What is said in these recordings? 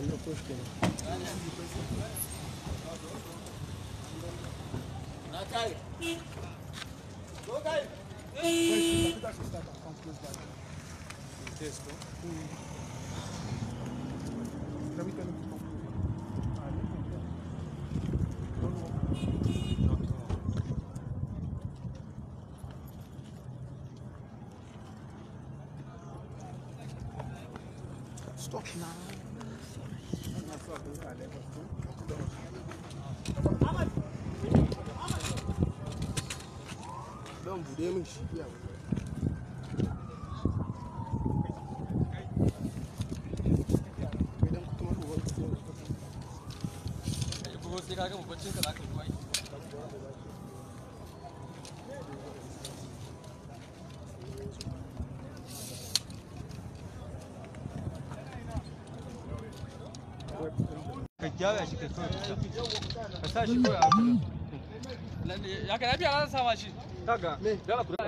Emre hoş geldin. Natay. Gokay. Test. Tramítalo. gyara shi ka sa shi kawai a ya ka lafiya na sama shi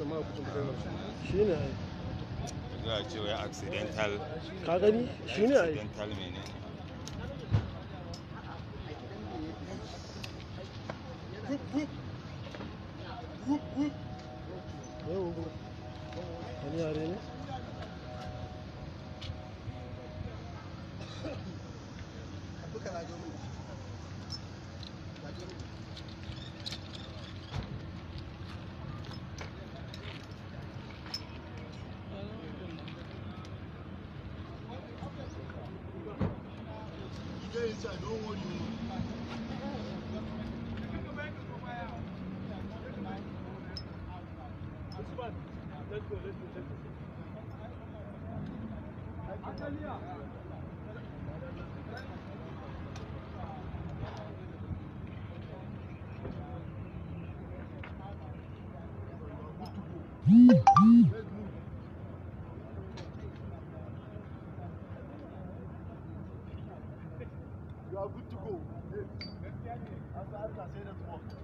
shine ai za a ce wai accidental ka gani shine ai accidental mene Whoop, whoop. are good to go. Yes. I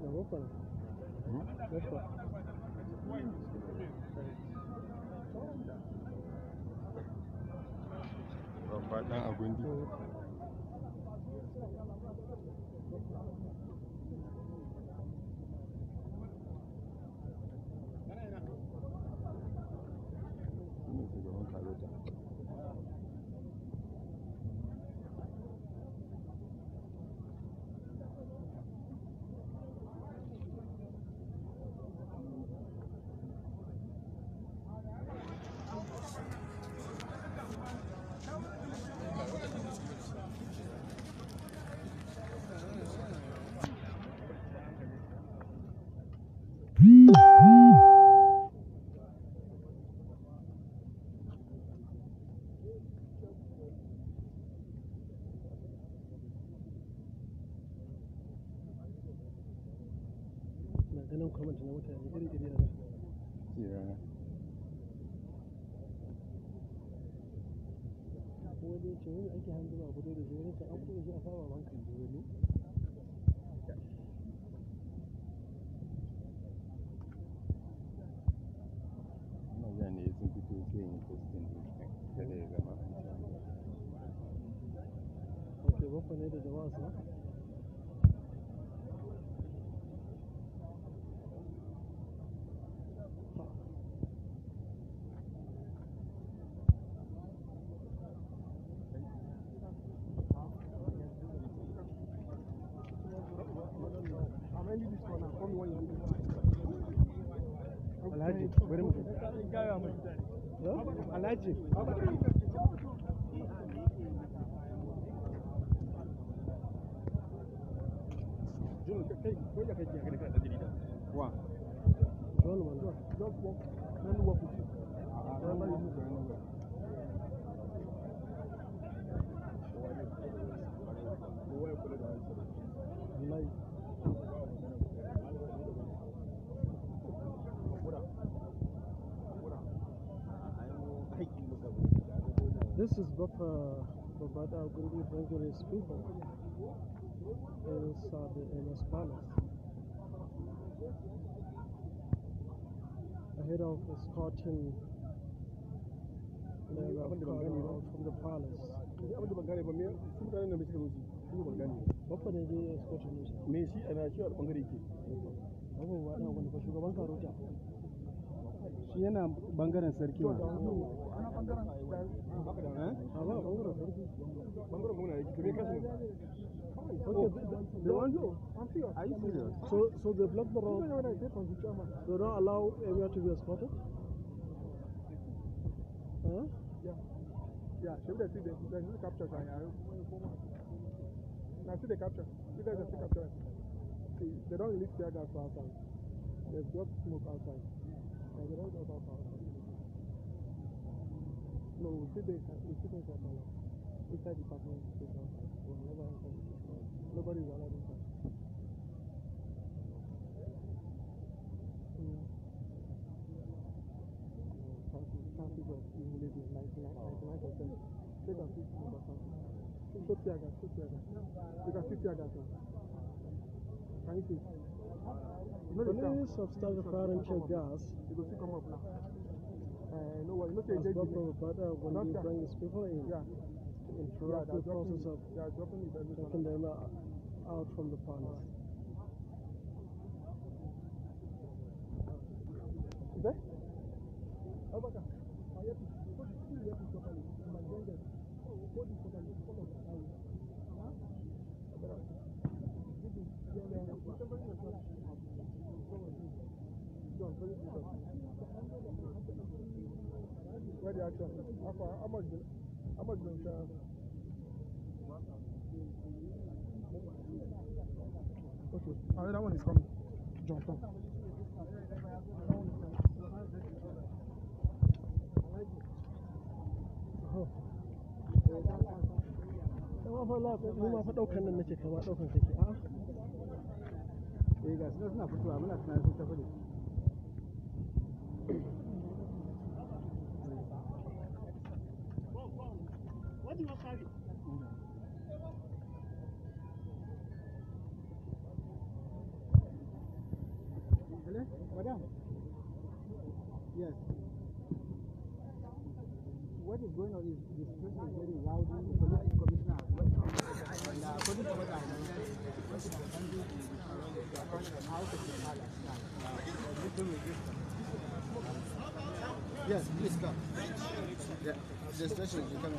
babba dan ɗaukar mutane yeah Alhaji. Jun, kai ko ya kai ga kada não Wa. Jun wanda. Jun ko nan wa ku. Ah, nan ba yi ku. Wallahi this is Bapa Bobada Ogundi Evangelist people inside the MS Palace. Ahead of escorting the Rabbi from the palace. Bapa ne zai escorting ne shi? Me shi ana shi a ɓangare ke. Abubuwa ɗan wani ba yana bangaren sarki ma So, so they block the road. They don't allow area to be escorted. Huh? Yeah. Yeah. Should they see the there's no capture? I see the capture. You guys are still capturing. They don't release tear gas outside. They've got smoke outside. No, we should be, we should be Kamala. Inside the department, we should not. Whenever nobody is allowed inside. Mm. Chances of humility is 99 percent. Take and fix number something. Shoot Tiaga, shoot Tiaga. You can shoot Tiaga, sir. Can you see? Release of sulfuric gas was brought from Bada when he brings people in yeah. to interrupt yeah, the process of taking them uh, out from the palace. Is amurka amurka ta Okay, another one is coming. John, come. Yawa fa lafiya, ni fa ɗaukan nan nake kama ɗaukan kake. A'a. Eh ga su suna fitowa muna tunanin sun tafi da Yes. What is going on is the street is very rowdy, police commissioner. Yes, please come. Yeah, the station is coming.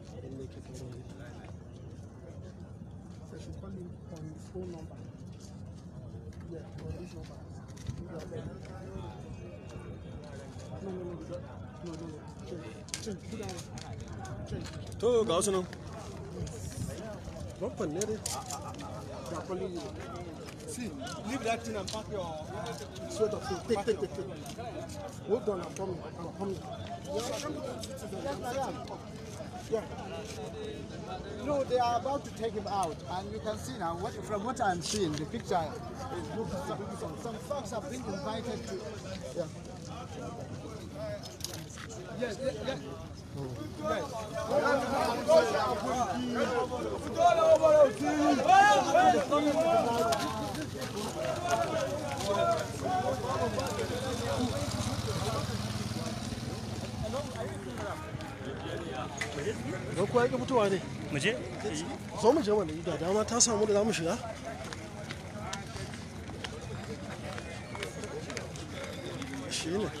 and make So she call him on his phone number. Yeah, on this number. No, no, no, no, no, no. They See, leave that thing and pack your uh, sweater. Take, take, take, take. Hold on, I'm coming. I'm coming. Yeah. No, they are about to take him out, and you can see now. What, from what I'm seeing, the picture is beautiful. Some folks have been invited to. Yeah. Yes. Yeah, yeah. don kuwa yake fitowa ne muje zo mu je wani da dama ta samu da zamu shiga shi ne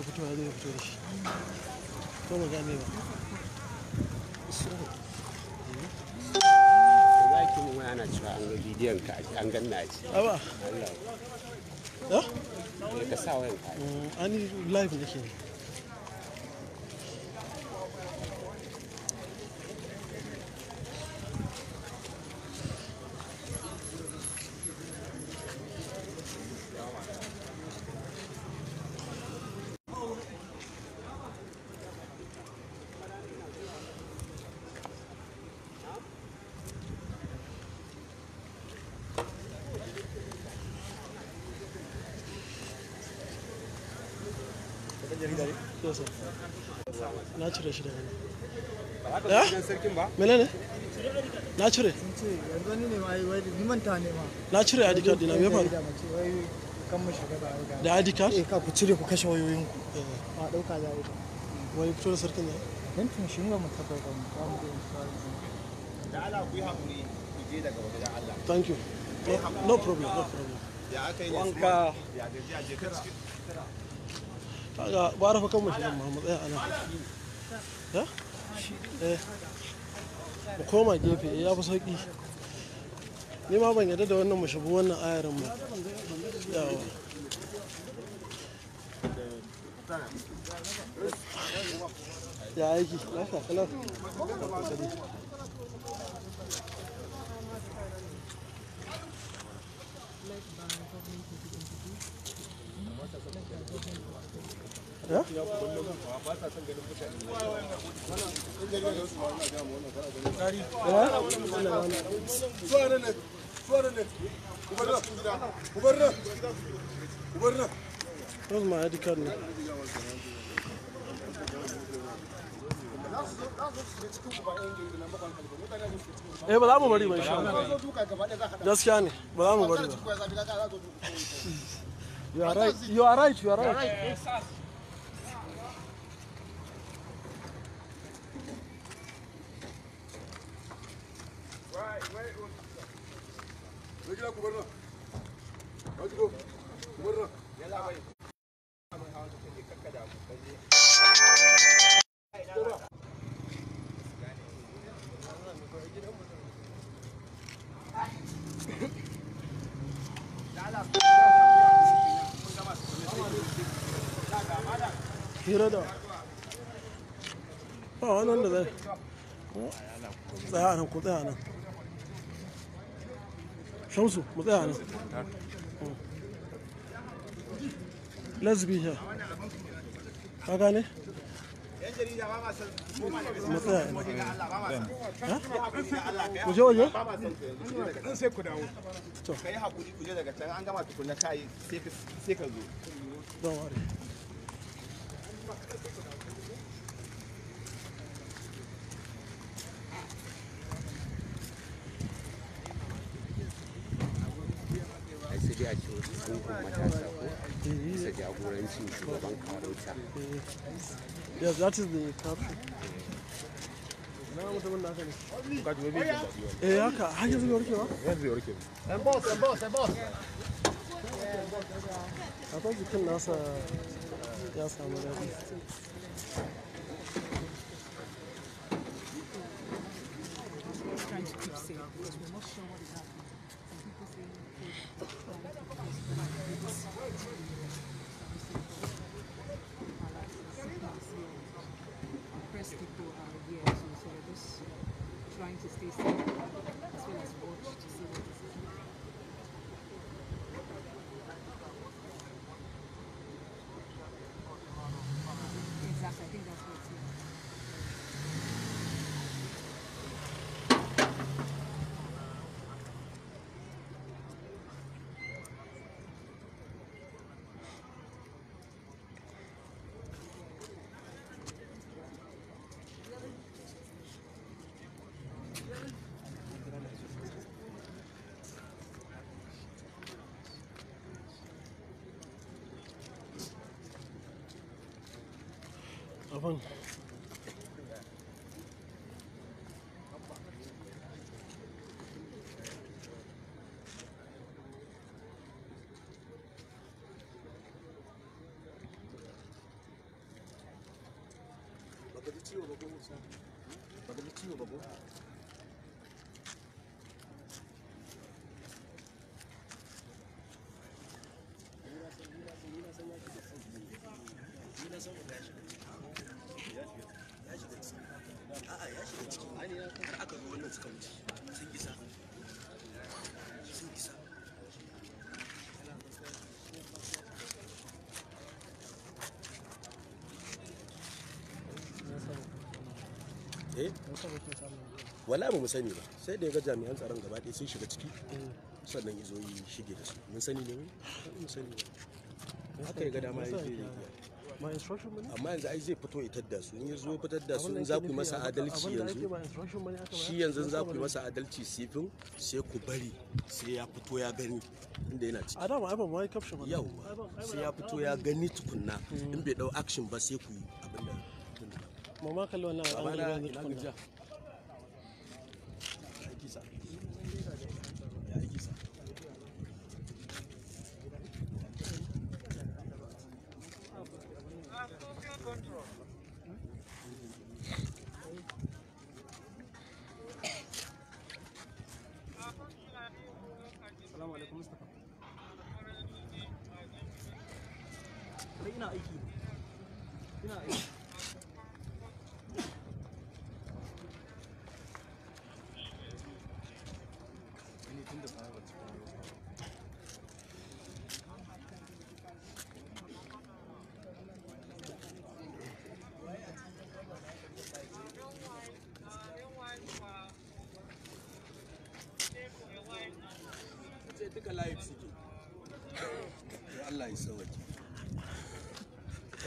ka fito ya zo fito da shi ko ba zaki mu cewa an ga bidiyon ka an a ciki Allah ka sa ka mm, live nake ne siyasa na cire shi daga nan eh? menene na cire na cire ID card dina da ID card eh ka ku cire ku kashe wayoyin ku eh. a dauka za wai fito da sarkin ne tun shi mu mu ba mu da ku yi ku je daga wajen Allah thank you no problem no problem ya aka yi wanka ya gaji a kaga gwara fa kan mashi nan Muhammad tsaya ana ya eh mu koma gefe eh, ya fi sauki ni ma ban yadda da wannan mashabu wannan ayarin ba yawa ya aiki lafiya kalar Led by government Kızma ya dikkatli. Eh ba za mu bari ba insha Allah. Gaskiya ne, ba za mu bari ba. You are right. You are right. You are right. Right. Where Regular governor. Where us go. Governor. hira da ba wani wanda zai tsaya nan ku tsaya nan shamsu mu tsaya nan hmm. lesbi here ka gane mu waje in sai ku dawo to kai hakuri ku daga can an gama tukunna yi sai ka zo don ware Yes, that is the caption. Eh haka, warke ba? warke eh, boss, eh, boss, eh, boss. jikin nasa ya samu daɗi. Aber Eh? wala ba mu sani ba sai da ya ga jami'an tsaron gaba ɗaya sun shiga ciki sannan izo yi shige da su mun sani ne mun sani ba haka ya ga dama ya je amma yanzu ai zai fito itar da su in ya zo fitar da su in za ku yi masa adalci yanzu shi yanzu za ku yi masa adalci sifin sai ku bari sai ya fito ya gani inda yana ciki adam ai ba ban wai ba yau sai ya fito ya gani tukunna hmm. in bai dau action ba sai ku yi ما ما خلونا haka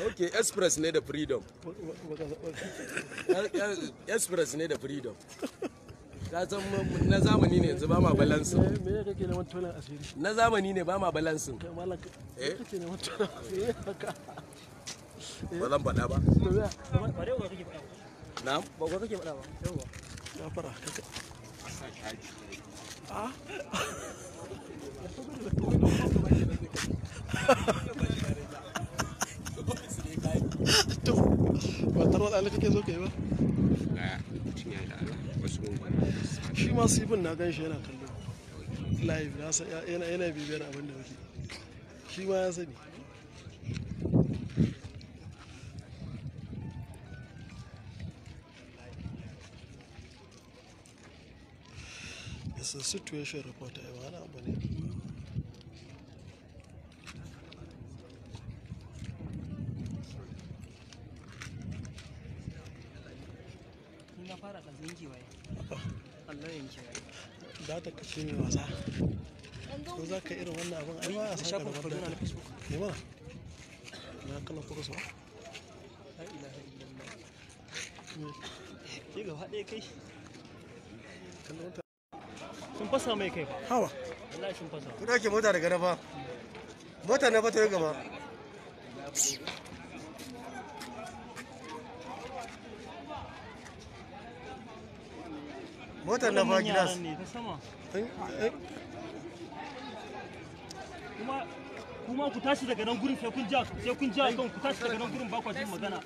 ok express ne da freedom express ne da freedom ka san na zamani ne yanzu ba ma balansin eh, na zamani ne ba ma balansin eh? eh. ba zan faɗa to ba tarwa ma sifin na gan shi yana kallo live yana bibiyar abin da muke shi ma ya sani It's a situation report, na abu ne. bukatar kashe mai wasa ko za ka irin wannan abin ai ba a san ka da na ne ba na kana focus ila ha ila ma ke gaba ɗaya kai sun fasa mai kai ba hawa wallahi sun fasa da ke mota daga na ba mota na ba ta yi gaba motar na fagilas eh, eh. kuma kuma ku tashi daga nan gurin sai kun ja sai kun ja kan ku tashi daga nan gurin ba ku magana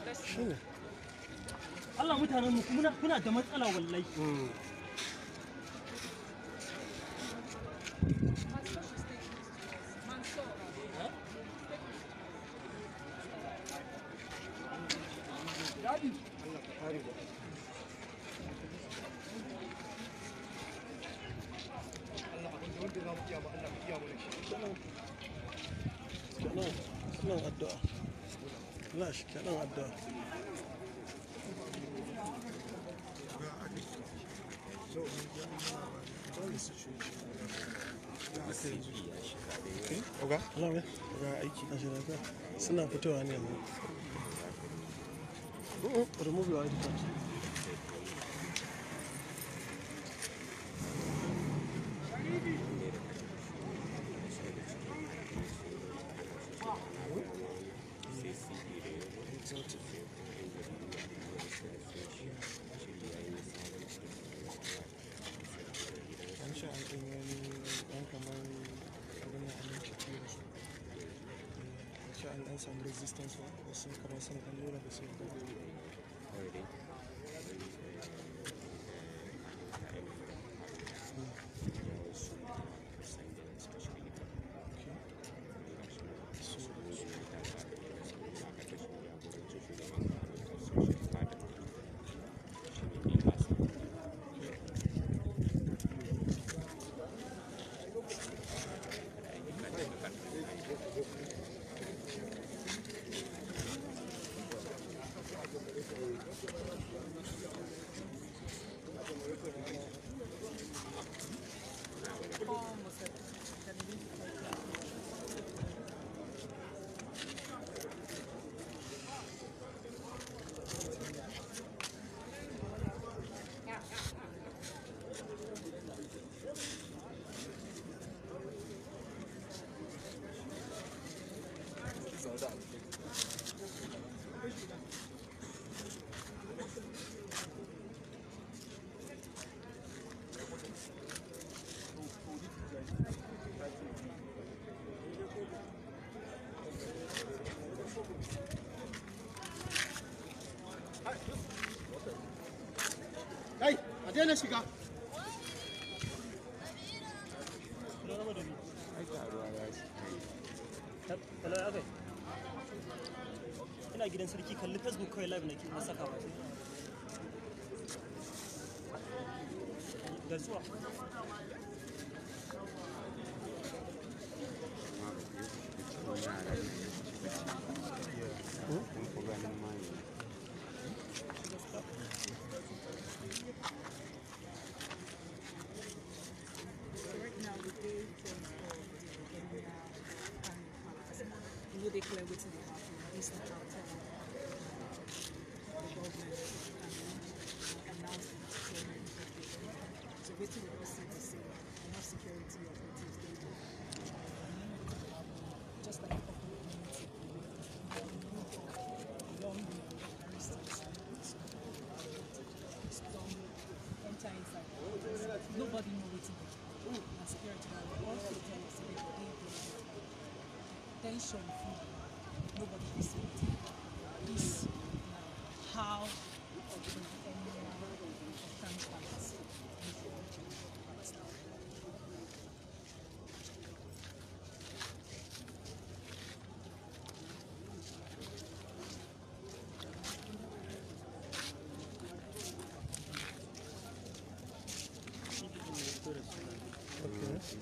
Allah mutanen mu kuna da matsala wallahi hmm. Allah shi kaɗa wadda suna fitowa ne yanzu remove your and and the same currency and of the same Already. daina ina gidan sarki kalli facebook kawai live nake na sakawa da zuwa dey clear wetin dey Sure.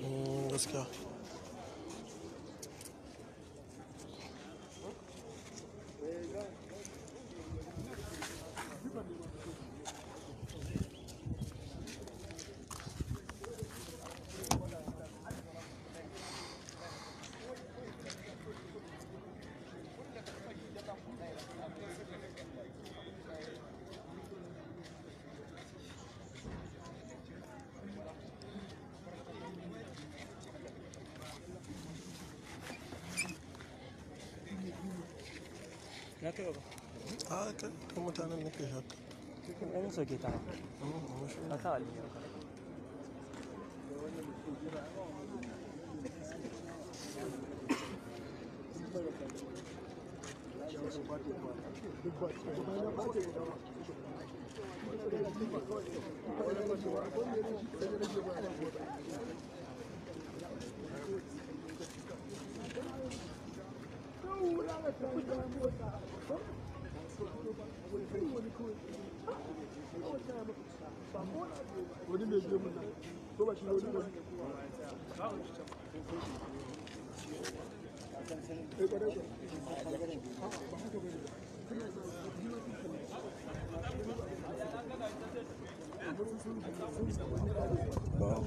Mm, let's go. haka ta mutanen nake haka cikin ɗan soke ta a ta aliyu Thank you. wani mai biyu muna so ba shi ne wani wani Wow.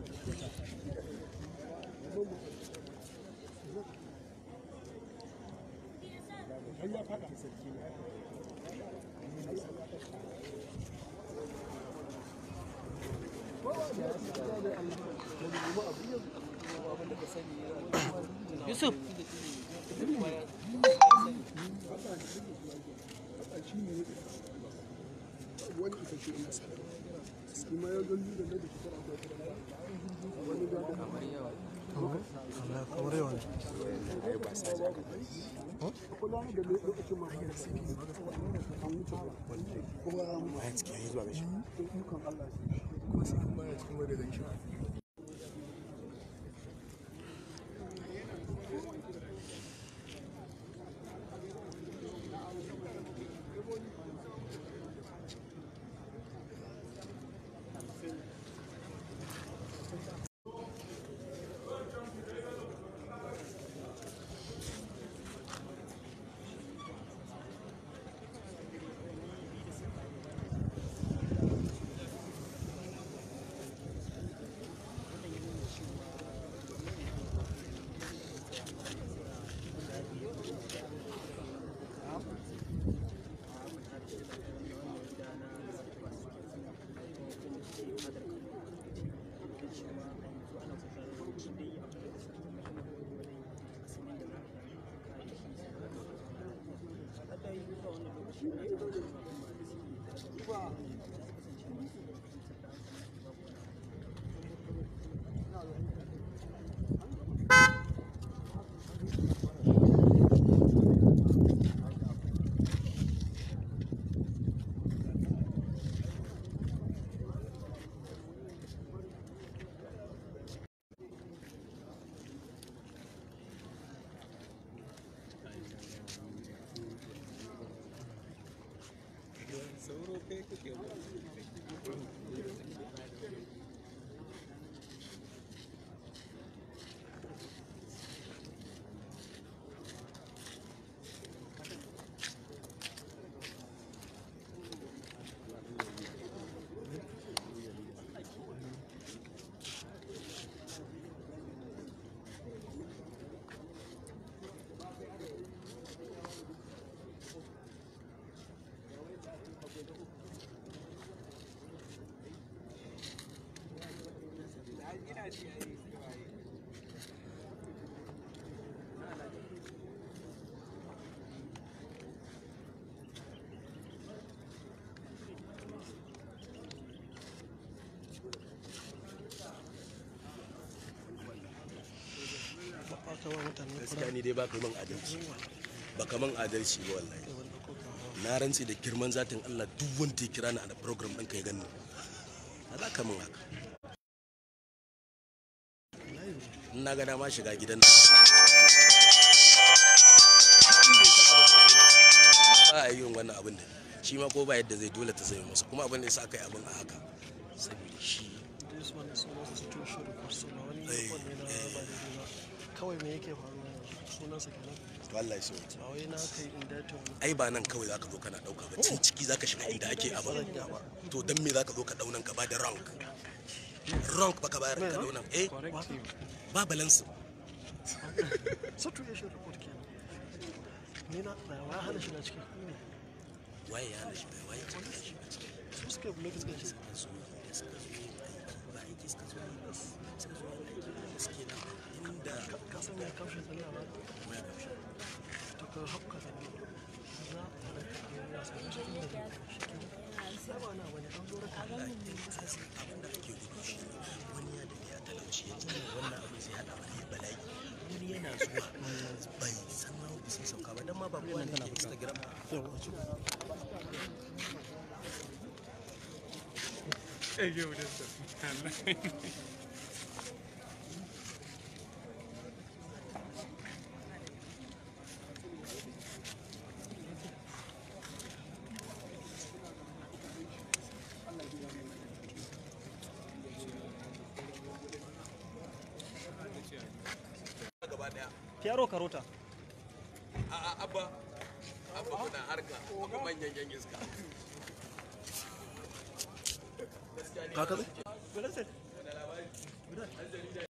Cássio. kamar yawan a cikin zuwa da shi kuma sai kuma cikin wadda da shi Thank you. gaskiya ni dai baka min adalci baka min adalci ba wallahi na rantse da girman zatin Allah duk wanda ya kira ni a program ɗin ka ya gani ba za ka min haka na ga dama shiga gidan ba a yi wannan abin da shi ma ko ba yadda zai dole ta zai masa kuma abin da yasa aka yi abin a haka saboda shi eh, eh. kawai me yake faruwa ai ba nan kawai zaka zo kana dauka ba cin ciki zaka shiga inda ake ba to dan me zaka zo ka daunan ka ba da rank rank baka bayar ka daunan eh ba balansu sattu ya shi report ke ni na wa hana shi na cikin ku ne waye ya hana shi bai waye ya hana shi su suka yi blog suka ce suka zo da suka zo ba aiki suka zo da suka zo da suke da inda ka san ya kamshi tsalla ba ba ya kamshi to ka hakka da ni na tare da ya san shi da shi ba na wani an zo da kallon abin da ake gudu shi ne shi ya tsaya wannan abin sai hada wani bala'i wani yana zuwa bai san ma wani sai sauka ba dan ma ba kowa ne ke instagram Ege bu da